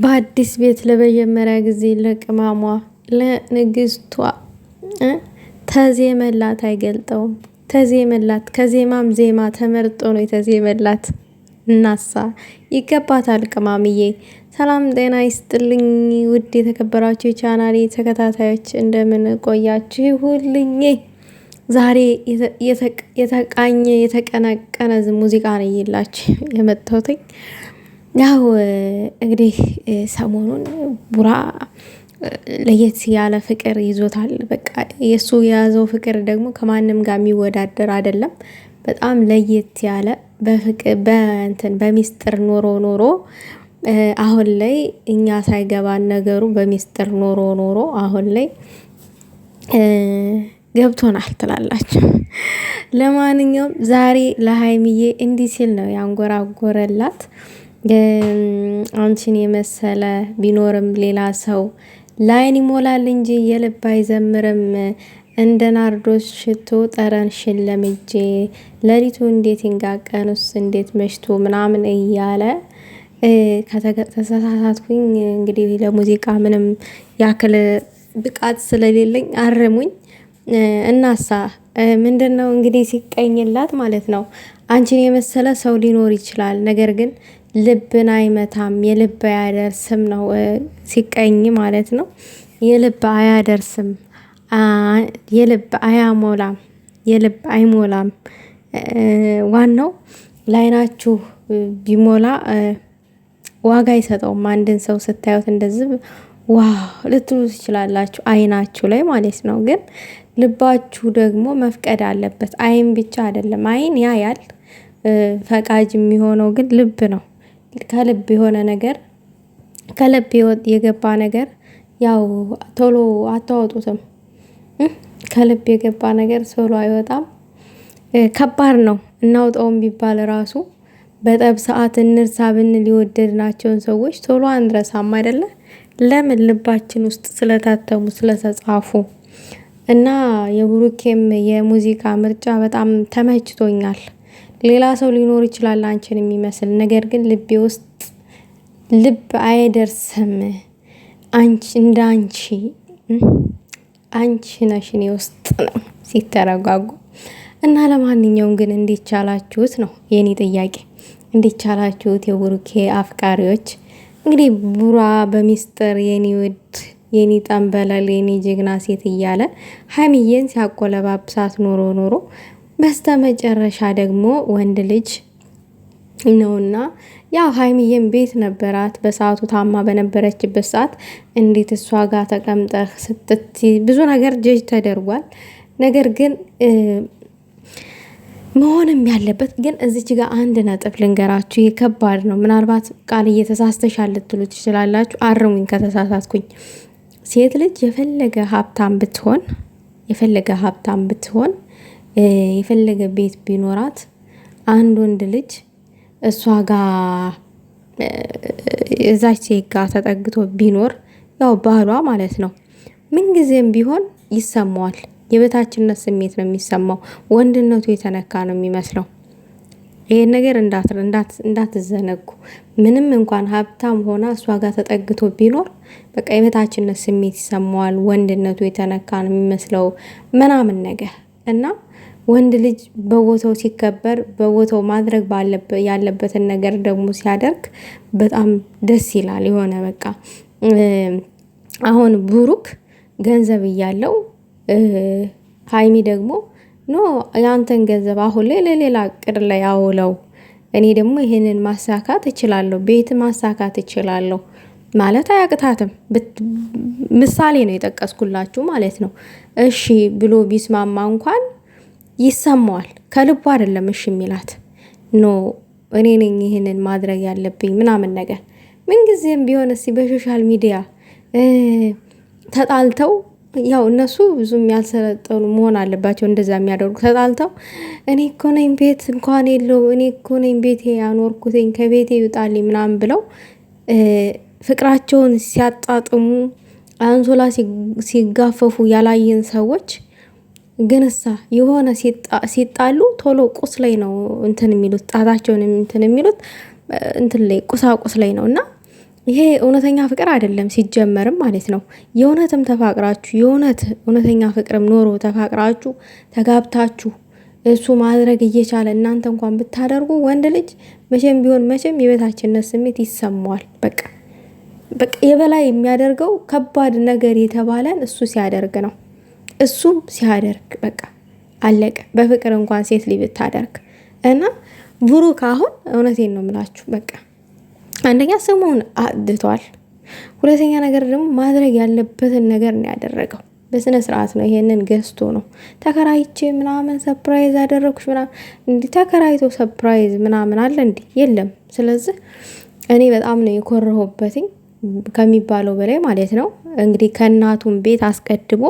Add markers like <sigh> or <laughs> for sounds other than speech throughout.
በአዲስ ቤት ለመጀመሪያ ጊዜ ለቅማሟ ለንግስቷ ተዜመላት አይገልጠውም። ተዜመላት ከዜማም ዜማ ተመርጦ ነው የተዜመላት። እናሳ ይገባታል ቅማምዬ። ሰላም ጤና ይስጥልኝ ውድ የተከበራችሁ የቻናሌ ተከታታዮች እንደምን ቆያችሁ ሁልኝ። ዛሬ የተቃኘ የተቀነቀነ ሙዚቃ ነው ይላችሁ የመጣሁት ያው እንግዲህ ሰሞኑን ቡራ ለየት ያለ ፍቅር ይዞታል። በቃ የእሱ የያዘው ፍቅር ደግሞ ከማንም ጋር የሚወዳደር አይደለም። በጣም ለየት ያለ በፍቅር በእንትን በሚስጥር ኖሮ ኖሮ አሁን ላይ እኛ ሳይገባን ነገሩ በሚስጥር ኖሮ ኖሮ አሁን ላይ ገብቶናል ትላላችሁ። ለማንኛውም ዛሬ ለሀይሚዬ እንዲህ ሲል ነው ያንጎራጎረላት። አንቺን የመሰለ ቢኖርም ሌላ ሰው ላይን ይሞላል እንጂ የልብ አይዘምርም። እንደ ናርዶስ ሽቶ ጠረን ሽለምጄ ለሊቱ እንዴት ይንጋቀኑስ እንዴት መሽቶ ምናምን እያለ ከተሳሳትኩኝ እንግዲህ ለሙዚቃ ምንም ያክል ብቃት ስለሌለኝ አርሙኝ። እናሳ ምንድን ነው እንግዲህ ሲቀኝላት ማለት ነው። አንቺን የመሰለ ሰው ሊኖር ይችላል፣ ነገር ግን ልብን አይመታም፣ የልብ አያደርስም ነው ሲቀኝ ማለት ነው። የልብ አያደርስም፣ የልብ አያሞላም፣ የልብ አይሞላም። ዋናው ላይናችሁ ቢሞላ ዋጋ አይሰጠውም። አንድን ሰው ስታዩት እንደዚህ ዋ ልትሉ ትችላላችሁ አይናችሁ ላይ ማለት ነው ግን ልባችሁ ደግሞ መፍቀድ አለበት። አይን ብቻ አይደለም አይን ያያል ፈቃጅ የሚሆነው ግን ልብ ነው። ከልብ የሆነ ነገር ከልብ የገባ ነገር ያው ቶሎ አታወጡትም። ከልብ የገባ ነገር ቶሎ አይወጣም። ከባድ ነው እናውጣውም ቢባል ራሱ በጠብ ሰዓት እንርሳ ብንል የወደድናቸውን ሰዎች ቶሎ አንረሳም አይደለ? ለምን ልባችን ውስጥ ስለታተሙ ስለተጻፉ እና የብሩኬም የሙዚቃ ምርጫ በጣም ተመችቶኛል። ሌላ ሰው ሊኖር ይችላል አንቺን የሚመስል ነገር ግን ልቤ ውስጥ ልብ አይደርስም። አንቺ እንደ አንቺ አንቺ ነሽ እኔ ውስጥ ነው ሲተረጓጉ እና ለማንኛውም ግን እንዴት ቻላችሁት ነው የኔ ጥያቄ። እንዴት ቻላችሁት የብሩኬ አፍቃሪዎች? እንግዲህ ቡራ በሚስጥር የኔ ውድ የኔ ጠንበለል የኔ ጀግና ሴት እያለ ሀይሚዬን ሲያቆለባብሳት ኖሮ ኖሮ በስተመጨረሻ ደግሞ ወንድ ልጅ ነውና ያው ሀይሚዬም ቤት ነበራት በሰዓቱ ታማ በነበረችበት ሰዓት እንዴት እሷ ጋር ተቀምጠህ ስትት ብዙ ነገር ጀጅ ተደርጓል። ነገር ግን መሆንም ያለበት ግን እዚች ጋር አንድ ነጥብ ልንገራችሁ፣ ይህ ከባድ ነው። ምናልባት ቃል እየተሳስተሻ ልትሉ ትችላላችሁ። አርሙኝ ከተሳሳትኩኝ። ሴት ልጅ የፈለገ ሀብታም ብትሆን የፈለገ ሀብታም ብትሆን የፈለገ ቤት ቢኖራት አንድ ወንድ ልጅ እሷ ጋር እዛች ሴት ጋር ተጠግቶ ቢኖር ያው ባህሏ ማለት ነው፣ ምንጊዜም ቢሆን ይሰማዋል። የበታችነት ስሜት ነው የሚሰማው። ወንድነቱ የተነካ ነው የሚመስለው። ይሄን ነገር እንዳትዘነጉ። ምንም እንኳን ሀብታም ሆና እሷ ጋር ተጠግቶ ቢኖር በቃ የበታችነት ስሜት ይሰማዋል፣ ወንድነቱ የተነካ የሚመስለው ምናምን ነገር እና ወንድ ልጅ በቦታው ሲከበር በቦታው ማድረግ ያለበትን ነገር ደግሞ ሲያደርግ በጣም ደስ ይላል። የሆነ በቃ አሁን ብሩክ ገንዘብ እያለው ሀይሚ ደግሞ ኖ ያንተን ገንዘብ አሁን ላይ ለሌላ እቅድ ላይ አውለው፣ እኔ ደግሞ ይህንን ማሳካት እችላለሁ፣ ቤት ማሳካት እችላለሁ ማለት አያቅታትም። ምሳሌ ነው የጠቀስኩላችሁ ማለት ነው። እሺ ብሎ ቢስማማ እንኳን ይሰማዋል። ከልቡ አይደለም እሺ የሚላት ኖ እኔ ነኝ ይህንን ማድረግ ያለብኝ ምናምን ነገር ምንጊዜም ቢሆን እስኪ በሶሻል ሚዲያ ተጣልተው ያው እነሱ ብዙም ያልሰለጠኑ መሆን አለባቸው እንደዛ የሚያደርጉ ተጣልተው እኔ እኮ ነኝ ቤት እንኳን የለው እኔ እኮ ነኝ ቤቴ ያኖርኩትኝ ከቤቴ ይውጣልኝ ምናምን ብለው ፍቅራቸውን ሲያጣጥሙ አንሶላ ሲጋፈፉ ያላየን ሰዎች ግንሳ የሆነ ሲጣሉ ቶሎ ቁስ ላይ ነው እንትን የሚሉት ጣታቸውን እንትን የሚሉት እንትን ላይ ቁሳቁስ ላይ ነው እና ይሄ እውነተኛ ፍቅር አይደለም ሲጀመርም ማለት ነው። የእውነትም ተፋቅራችሁ የእውነት እውነተኛ ፍቅርም ኖሮ ተፋቅራችሁ ተጋብታችሁ እሱ ማድረግ እየቻለ እናንተ እንኳን ብታደርጉ ወንድ ልጅ መቼም ቢሆን መቼም የበታችነት ስሜት ይሰማዋል። በቃ በቃ የበላይ የሚያደርገው ከባድ ነገር የተባለን እሱ ሲያደርግ ነው። እሱም ሲያደርግ በቃ አለቀ። በፍቅር እንኳን ሴት ልጅ ብታደርግ እና ብሩክ አሁን እውነቴን ነው የምላችሁ በቃ አንደኛ ስሙን አድቷል ሁለተኛ ነገር ደግሞ ማድረግ ያለበትን ነገር ነው ያደረገው። በስነ ስርዓት ነው ይሄንን ገዝቶ ነው ተከራይቼ ምናምን ሰፕራይዝ ያደረግኩሽ ምናምን እንዲህ ተከራይቶ ሰፕራይዝ ምናምን አለ እንዲህ የለም። ስለዚህ እኔ በጣም ነው የኮረሁበትኝ ከሚባለው በላይ ማለት ነው። እንግዲህ ከእናቱን ቤት አስቀድሞ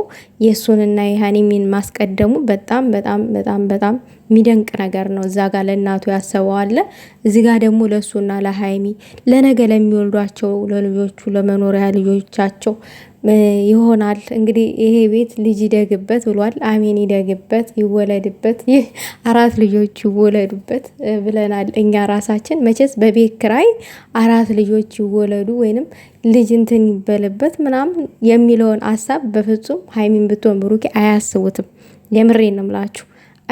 የእሱንና የሀኒሚን ማስቀደሙ በጣም በጣም በጣም በጣም የሚደንቅ ነገር ነው። እዛ ጋር ለእናቱ ያሰበው አለ፣ እዚህ ጋር ደግሞ ለእሱና ለሀይሚ ለነገ ለሚወልዷቸው ለልጆቹ ለመኖሪያ ልጆቻቸው ይሆናል። እንግዲህ ይሄ ቤት ልጅ ይደግበት ብሏል። አሜን ይደግበት፣ ይወለድበት። ይህ አራት ልጆች ይወለዱበት ብለናል እኛ ራሳችን። መቼስ በቤት ክራይ አራት ልጆች ይወለዱ ወይንም ልጅ እንትን ይበልበት ምናምን የሚለውን ሀሳብ በፍጹም ሀይሚን ብትሆን ብሩኬ አያስቡትም። የምሬ ነው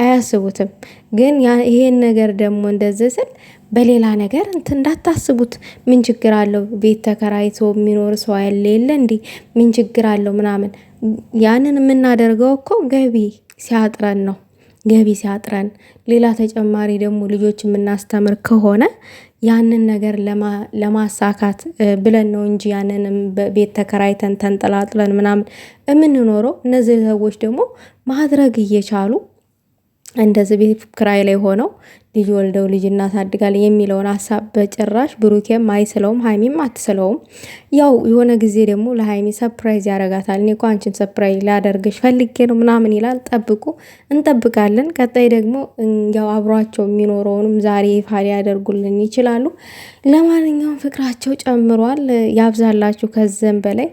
አያስቡትም። ግን ይሄን ነገር ደግሞ እንደዚህ ስል በሌላ ነገር እንትን እንዳታስቡት። ምን ችግር አለው? ቤት ተከራይቶ የሚኖር ሰው ያለ የለ እንዲህ ምን ችግር አለው? ምናምን ያንን የምናደርገው እኮ ገቢ ሲያጥረን ነው። ገቢ ሲያጥረን ሌላ ተጨማሪ ደግሞ ልጆች የምናስተምር ከሆነ ያንን ነገር ለማሳካት ብለን ነው እንጂ ያንን ቤት ተከራይተን ተንጠላጥለን ምናምን የምንኖረው። እነዚህ ሰዎች ደግሞ ማድረግ እየቻሉ እንደዚህ ቤት ክራይ ላይ ሆነው ልጅ ወልደው ልጅ እናሳድጋል የሚለውን ሀሳብ በጭራሽ ብሩኬም አይስለውም፣ ሀይሚም አትስለውም። ያው የሆነ ጊዜ ደግሞ ለሀይሚ ሰፕራይዝ ያደርጋታል። እኔ እኮ አንቺን ሰፕራይዝ ላደርግሽ ፈልጌ ነው ምናምን ይላል። ጠብቁ፣ እንጠብቃለን። ቀጣይ ደግሞ ያው አብሯቸው የሚኖረውንም ዛሬ ይፋ ሊያደርጉልን ይችላሉ። ለማንኛውም ፍቅራቸው ጨምሯል፣ ያብዛላችሁ ከዘን በላይ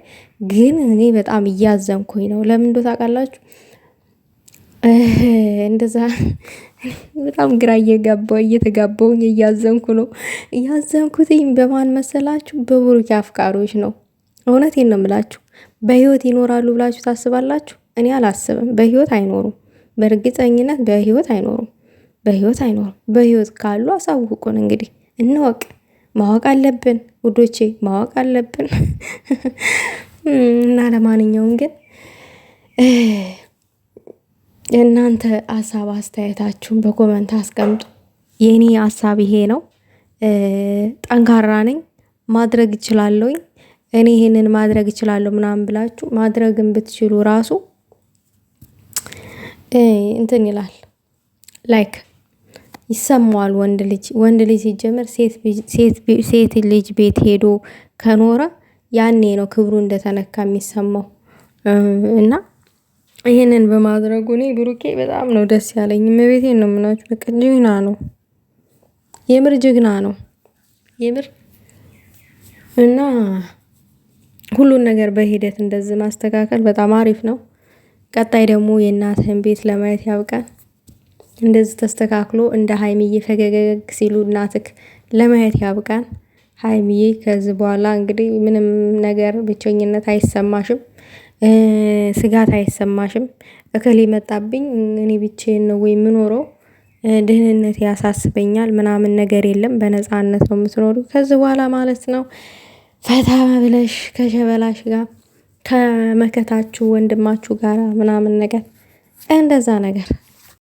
ግን እኔ በጣም እያዘንኩኝ ነው። ለምን ዶ ታውቃላችሁ? እንደዛ በጣም ግራ እየጋባ እየተጋባውኝ እያዘንኩ ነው። እያዘንኩትኝ በማን መሰላችሁ? በብሩኬ አፍቃሪዎች ነው። እውነቴን ነው የምላችሁ። በህይወት ይኖራሉ ብላችሁ ታስባላችሁ? እኔ አላስብም። በህይወት አይኖሩም። በእርግጠኝነት በህይወት አይኖሩም። በህይወት አይኖሩም። በህይወት ካሉ አሳውቁን። እንግዲህ እንወቅ፣ ማወቅ አለብን ውዶቼ፣ ማወቅ አለብን <laughs> እና ለማንኛውም ግን የእናንተ ሀሳብ አስተያየታችሁን በኮመንት አስቀምጡ። የእኔ ሀሳብ ይሄ ነው። ጠንካራ ነኝ፣ ማድረግ እችላለሁኝ፣ እኔ ይህንን ማድረግ እችላለሁ ምናምን ብላችሁ ማድረግን ብትችሉ ራሱ እንትን ይላል ላይክ ይሰማዋል። ወንድ ልጅ ወንድ ልጅ ሲጀመር ሴት ልጅ ቤት ሄዶ ከኖረ ያኔ ነው ክብሩ እንደተነካ የሚሰማው እና ይህንን በማድረጉ እኔ ብሩኬ በጣም ነው ደስ ያለኝ። እመቤቴን ነው የምናችሁ። በቃ ጀግና ነው፣ የምር ጀግና ነው የምር እና ሁሉን ነገር በሂደት እንደዚህ ማስተካከል በጣም አሪፍ ነው። ቀጣይ ደግሞ የእናትህን ቤት ለማየት ያብቃን። እንደዚህ ተስተካክሎ እንደ ሀይሚዬ ፈገገግ ሲሉ እናትክ ለማየት ያብቃን። ሀይሚዬ ከዚህ በኋላ እንግዲህ ምንም ነገር ብቸኝነት አይሰማሽም። ስጋት አይሰማሽም? እክል ይመጣብኝ እኔ ብቻዬን ነው ወይ የምኖረው? ድህንነት ያሳስበኛል ምናምን ነገር የለም በነፃነት ነው የምትኖሩ ከዚህ በኋላ ማለት ነው ፈታ ብለሽ ከሸበላሽ ጋር ከመከታችሁ ወንድማችሁ ጋር ምናምን ነገር እንደዛ ነገር